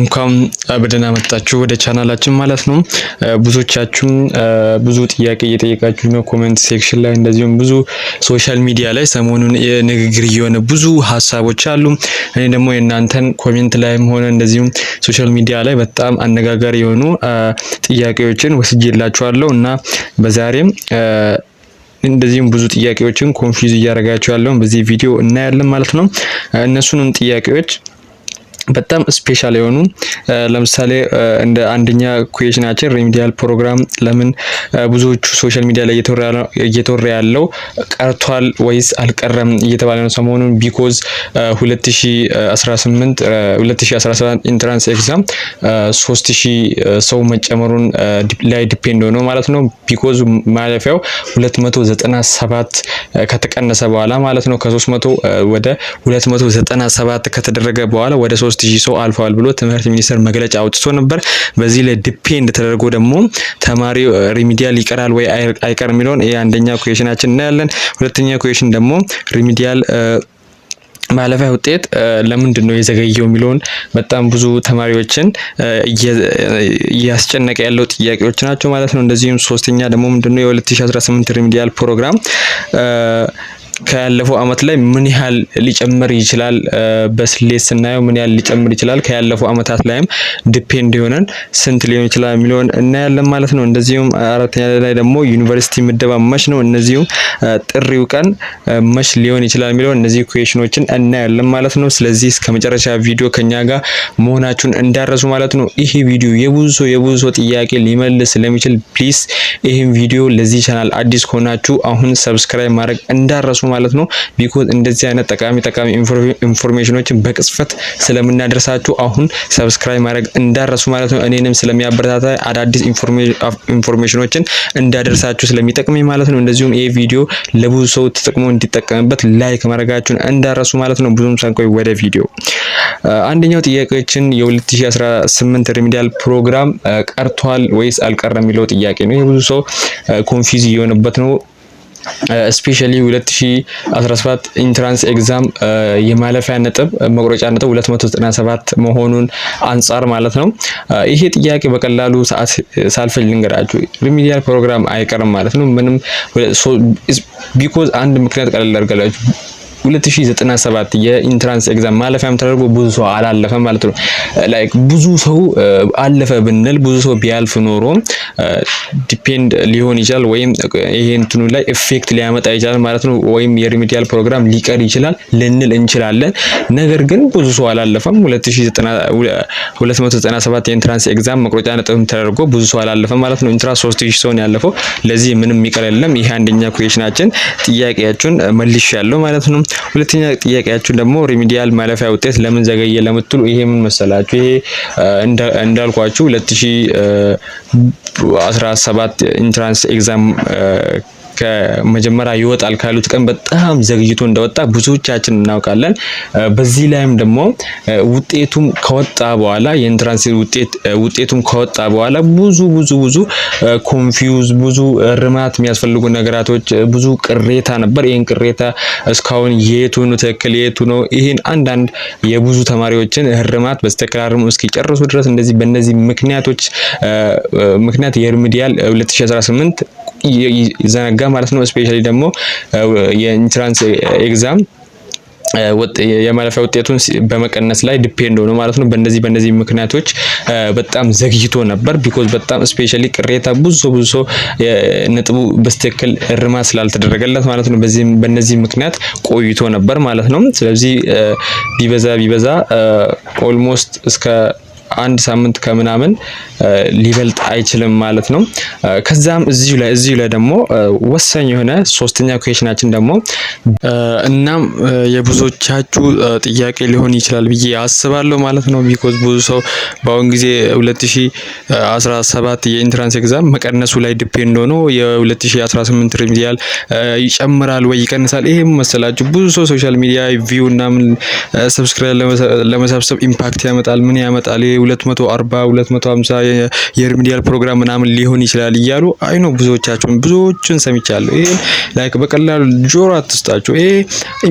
እንኳን በደህና መጣችሁ ወደ ቻናላችን ማለት ነው። ብዙዎቻችሁም ብዙ ጥያቄ እየጠየቃችሁ ነው ኮሜንት ሴክሽን ላይ እንደዚሁም ብዙ ሶሻል ሚዲያ ላይ ሰሞኑን ንግግር እየሆነ ብዙ ሀሳቦች አሉ። እኔ ደግሞ የእናንተን ኮሜንት ላይም ሆነ እንደዚሁም ሶሻል ሚዲያ ላይ በጣም አነጋጋሪ የሆኑ ጥያቄዎችን ወስጄላችኋለሁ እና በዛሬም እንደዚሁም ብዙ ጥያቄዎችን ኮንፊውዝ እያደረጋቸው ያለውን በዚህ ቪዲዮ እናያለን ማለት ነው። እነሱንም ጥያቄዎች በጣም ስፔሻል የሆኑ ለምሳሌ እንደ አንደኛ ኩዌሽናችን ሪሚዲያል ፕሮግራም ለምን ብዙዎቹ ሶሻል ሚዲያ ላይ እየተወራ ያለው ቀርቷል ወይስ አልቀረም እየተባለ ነው ሰሞኑን። ቢኮዝ 2018 2017 ኢንትራንስ ኤግዛም 3000 ሰው መጨመሩን ላይ ዲፔንድ ሆነው ማለት ነው። ቢኮዝ ማለፊያው 297 ከተቀነሰ በኋላ ማለት ነው ከ300 ወደ 297 ከተደረገ በኋላ ወደ 3 ሶስት ሺህ ሰው አልፈዋል ብሎ ትምህርት ሚኒስቴር መግለጫ አውጥቶ ነበር። በዚህ ላይ ዲፔንድ ተደርጎ ደግሞ ተማሪ ሪሚዲያል ይቀራል ወይ አይቀር የሚለውን አንደኛ ኩዌሽናችን እናያለን። ሁለተኛ ኩዌሽን ደግሞ ሪሚዲያል ማለፊያ ውጤት ለምንድን ነው የዘገየው የሚለውን በጣም ብዙ ተማሪዎችን እያስጨነቀ ያለው ጥያቄዎች ናቸው ማለት ነው። እንደዚሁም ሶስተኛ ደግሞ ምንድነው የ2018 ሪሚዲያል ፕሮግራም ከያለፈው አመት ላይ ምን ያህል ሊጨምር ይችላል፣ በስሌት ስናየው ምን ያህል ሊጨምር ይችላል፣ ከያለፈው አመታት ላይም ዲፔንድ የሆነን ስንት ሊሆን ይችላል የሚለውን እናያለን ማለት ነው። እንደዚሁም አራተኛ ላይ ደግሞ ዩኒቨርሲቲ ምደባ መች ነው፣ እነዚሁም ጥሪው ቀን መች ሊሆን ይችላል የሚለውን እነዚህ ኩዌሽኖችን እናያለን ማለት ነው። ስለዚህ እስከ መጨረሻ ቪዲዮ ከኛ ጋር መሆናችሁን እንዳረሱ ማለት ነው። ይህ ቪዲዮ የብዙ ሰው የብዙ ሰው ጥያቄ ሊመልስ ስለሚችል ፕሊስ ይህም ቪዲዮ ለዚህ ቻናል አዲስ ከሆናችሁ አሁን ሰብስክራይብ ማድረግ እንዳረሱ ማለት ነው። ቢኮዝ እንደዚህ አይነት ጠቃሚ ጠቃሚ ኢንፎርሜሽኖችን በቅጽፈት ስለምናደርሳችሁ አሁን ሰብስክራይብ ማድረግ እንዳረሱ ማለት ነው። እኔንም ስለሚያበረታታ አዳዲስ ኢንፎርሜሽኖችን እንዳደርሳችሁ ስለሚጠቅመኝ ማለት ነው። እንደዚሁም ይህ ቪዲዮ ለብዙ ሰው ተጠቅሞ እንዲጠቀምበት ላይክ ማድረጋችሁን እንዳረሱ ማለት ነው። ብዙም ሳንቆይ ወደ ቪዲዮ አንደኛው ጥያቄችን የ2018 ሪሚዲያል ፕሮግራም ቀርቷል ወይስ አልቀረም የሚለው ጥያቄ ነው። ይህ ብዙ ሰው ኮንፊዝ እየሆነበት ነው። ስፔሻሊ 2017 ኢንትራንስ ኤግዛም የማለፊያ ነጥብ መቁረጫ ነጥብ 297 መሆኑን አንጻር ማለት ነው። ይሄ ጥያቄ በቀላሉ ሰዓት ሳልፈጅ ልንገራችሁ፣ ሪሚዲያል ፕሮግራም አይቀርም ማለት ነው። ምንም ቢኮዝ አንድ ምክንያት ቀለል አድርጋላችሁ 2097 የኢንትራንስ ኤግዛም ማለፊያም ተደርጎ ብዙ ሰው አላለፈ ማለት ነው። ላይክ ብዙ ሰው አለፈ ብንል ብዙ ሰው ቢያልፍ ኖሮ ዲፔንድ ሊሆን ይችላል ወይም ይሄ እንትኑ ላይ ኤፌክት ሊያመጣ ይችላል ማለት ነው። ወይም የሪሚዲያል ፕሮግራም ሊቀር ይችላል ልንል እንችላለን። ነገር ግን ብዙ ሰው አላለፈም። 2097 የኢንትራንስ ኤግዛም መቁረጫ ነጥብ ተደርጎ ብዙ ሰው አላለፈ ማለት ነው። ኢንትራንስ 3000 ሰው ነው ያለፈው። ለዚህ ምንም የሚቀር የለም። ይሄ አንደኛ ኩዌሽናችን ጥያቄያችሁን መልሽ ያለው ማለት ነው። ሁለተኛ ጥያቄያችሁ ደግሞ ሪሚዲያል ማለፊያ ውጤት ለምን ዘገየ ለምትሉ ይሄ ምን መሰላችሁ? ይሄ እንዳልኳችሁ 2017 ኢንትራንስ ኤግዛም ከመጀመሪያ ይወጣል ካሉት ቀን በጣም ዘግይቶ እንደወጣ ብዙዎቻችን እናውቃለን። በዚህ ላይም ደግሞ ውጤቱም ከወጣ በኋላ የኢንትራንስ ውጤት ውጤቱም ከወጣ በኋላ ብዙ ብዙ ብዙ ኮንፊውዝ፣ ብዙ ርማት የሚያስፈልጉ ነገራቶች፣ ብዙ ቅሬታ ነበር። ይህን ቅሬታ እስካሁን የቱ ነው ትክክል የቱ ነው ይህን አንዳንድ የብዙ ተማሪዎችን እርማት በስተክል አርሙ እስኪጨርሱ ድረስ እንደዚህ በእነዚህ ምክንያቶች ምክንያት የሪሚዲያል 2018 ይዘነጋ ማለት ነው። እስፔሻሊ ደግሞ uh, የኢንትራንስ ኤግዛም uh, የማለፊያ ውጤቱን በመቀነስ ላይ ዲፔንድ ሆኖ ማለት ነው። በእነዚህ በእነዚህ ምክንያቶች uh, በጣም ዘግይቶ ነበር። ቢኮዝ በጣም ስፔሻሊ ቅሬታ ብዙ ሰው ብዙ ሰው ነጥቡ በስትክክል እርማ ስላልተደረገለት ማለት ነው። በዚህ በእነዚህ ምክንያት ቆይቶ ነበር ማለት ነው። ስለዚህ ቢበዛ ቢበዛ ኦልሞስት እስከ አንድ ሳምንት ከምናምን ሊበልጥ አይችልም ማለት ነው። ከዛም እዚሁ ላይ እዚሁ ላይ ደግሞ ወሳኝ የሆነ ሶስተኛ ኩዌሽናችን ደግሞ እናም የብዙዎቻችሁ ጥያቄ ሊሆን ይችላል ብዬ አስባለሁ ማለት ነው። ቢኮዝ ብዙ ሰው በአሁን ጊዜ 2017 የኢንትራንስ ኤግዛም መቀነሱ ላይ ዲፔንድ ሆኖ የ2018 ሪሚዲያል ይጨምራል ወይ ይቀንሳል። ይሄም መሰላችሁ ብዙ ሰው ሶሻል ሚዲያ ቪው እናም ሰብስክራይብ ለመሰብሰብ ኢምፓክት ያመጣል ምን ያመጣል 240 250 የሪሚዲያል ፕሮግራም ምናምን ሊሆን ይችላል እያሉ አይ ብዙዎቻችሁን ብዙዎቹን ሰምቻለሁ። ይሄ ላይክ በቀላሉ ጆሮ አትስጣችሁ። ይሄ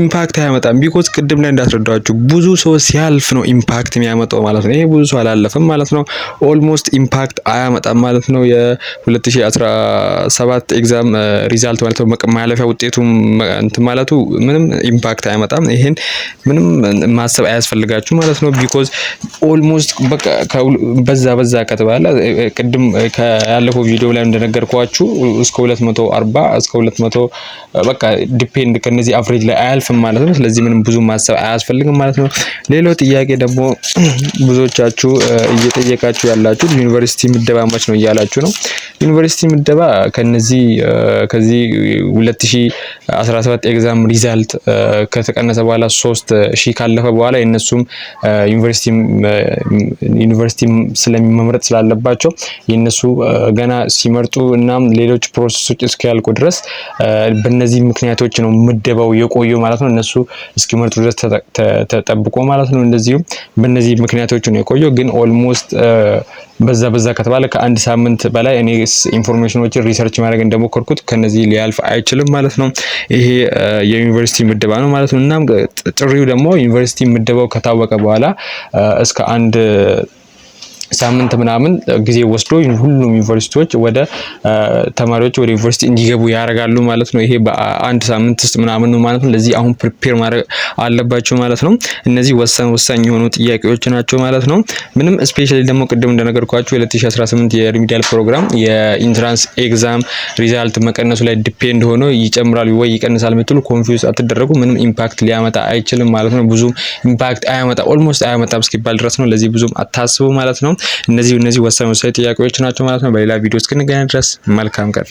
ኢምፓክት አያመጣም። ቢኮዝ ቅድም ላይ እንዳስረዳችሁ ብዙ ሰው ሲያልፍ ነው ኢምፓክት የሚያመጣው ማለት ነው። ይሄ ብዙ ሰው አላለፈም ማለት ነው። ኦልሞስት ኢምፓክት አያመጣም ማለት ነው። የ2017 ኤግዛም ሪዛልት ማለት ነው ማለፊያ ውጤቱ እንትን ማለቱ ምንም ኢምፓክት አያመጣም። ይሄን ምንም ማሰብ አያስፈልጋችሁ ማለት ነው ቢኮዝ ኦልሞስት በዛ በዛ ከተባለ ቅድም ያለፈው ቪዲዮ ላይ እንደነገርኳችሁ እስከ 240 እስከ 200 በቃ ዲፔንድ ከነዚህ አፍሬጅ ላይ አያልፍም ማለት ነው። ስለዚህ ምንም ብዙ ማሰብ አያስፈልግም ማለት ነው። ሌላው ጥያቄ ደግሞ ብዙዎቻችሁ እየጠየቃችሁ ያላችሁ ዩኒቨርሲቲ ምደባ መች ነው እያላችሁ ነው። ዩኒቨርሲቲ ምደባ ከነዚህ ከዚህ 2017 ኤግዛም ሪዛልት ከተቀነሰ በኋላ ሶስት ሺህ ካለፈ በኋላ የነሱም ዩኒቨርሲቲ ዩኒቨርሲቲ ስለሚመምረጥ ስላለባቸው የነሱ ገና ሲመርጡ እናም ሌሎች ፕሮሰሶች እስኪያልቁ ድረስ በነዚህ ምክንያቶች ነው ምደባው የቆየው ማለት ነው። እነሱ እስኪመርጡ ድረስ ተጠብቆ ማለት ነው። እንደዚሁም በነዚህ ምክንያቶች ነው የቆየው። ግን ኦልሞስት በዛ በዛ ከተባለ ከአንድ ሳምንት በላይ እኔ ሳይንስ ኢንፎርሜሽኖችን ሪሰርች ማድረግ እንደሞከርኩት ከነዚህ ሊያልፍ አይችልም ማለት ነው። ይሄ የዩኒቨርሲቲ ምደባ ነው ማለት ነው። እናም ጥሪው ደግሞ ዩኒቨርሲቲ ምደባው ከታወቀ በኋላ እስከ አንድ ሳምንት ምናምን ጊዜ ወስዶ ሁሉም ዩኒቨርሲቲዎች ወደ ተማሪዎች ወደ ዩኒቨርሲቲ እንዲገቡ ያደርጋሉ ማለት ነው። ይሄ በአንድ ሳምንት ውስጥ ምናምን ነው ማለት ነው። ለዚህ አሁን ፕሪፔር ማድረግ አለባቸው ማለት ነው። እነዚህ ወሳኝ ወሳኝ የሆኑ ጥያቄዎች ናቸው ማለት ነው። ምንም ስፔሻሊ ደግሞ ቅድም እንደነገርኳቸው 2018 የሪሚዲያል ፕሮግራም የኢንትራንስ ኤግዛም ሪዛልት መቀነሱ ላይ ዲፔንድ ሆኖ ይጨምራል ወይ ይቀንሳል የምትሉ ኮንፊውዝ አትደረጉ። ምንም ኢምፓክት ሊያመጣ አይችልም ማለት ነው። ብዙም ኢምፓክት አያመጣ ኦልሞስት አያመጣም እስኪባል ድረስ ነው። ለዚህ ብዙም አታስቡ ማለት ነው። እነዚህ እነዚህ ወሳኝ ወሳኝ ጥያቄዎች ናቸው ማለት ነው። በሌላ ቪዲዮ እስክንገናኝ ድረስ መልካም ቀን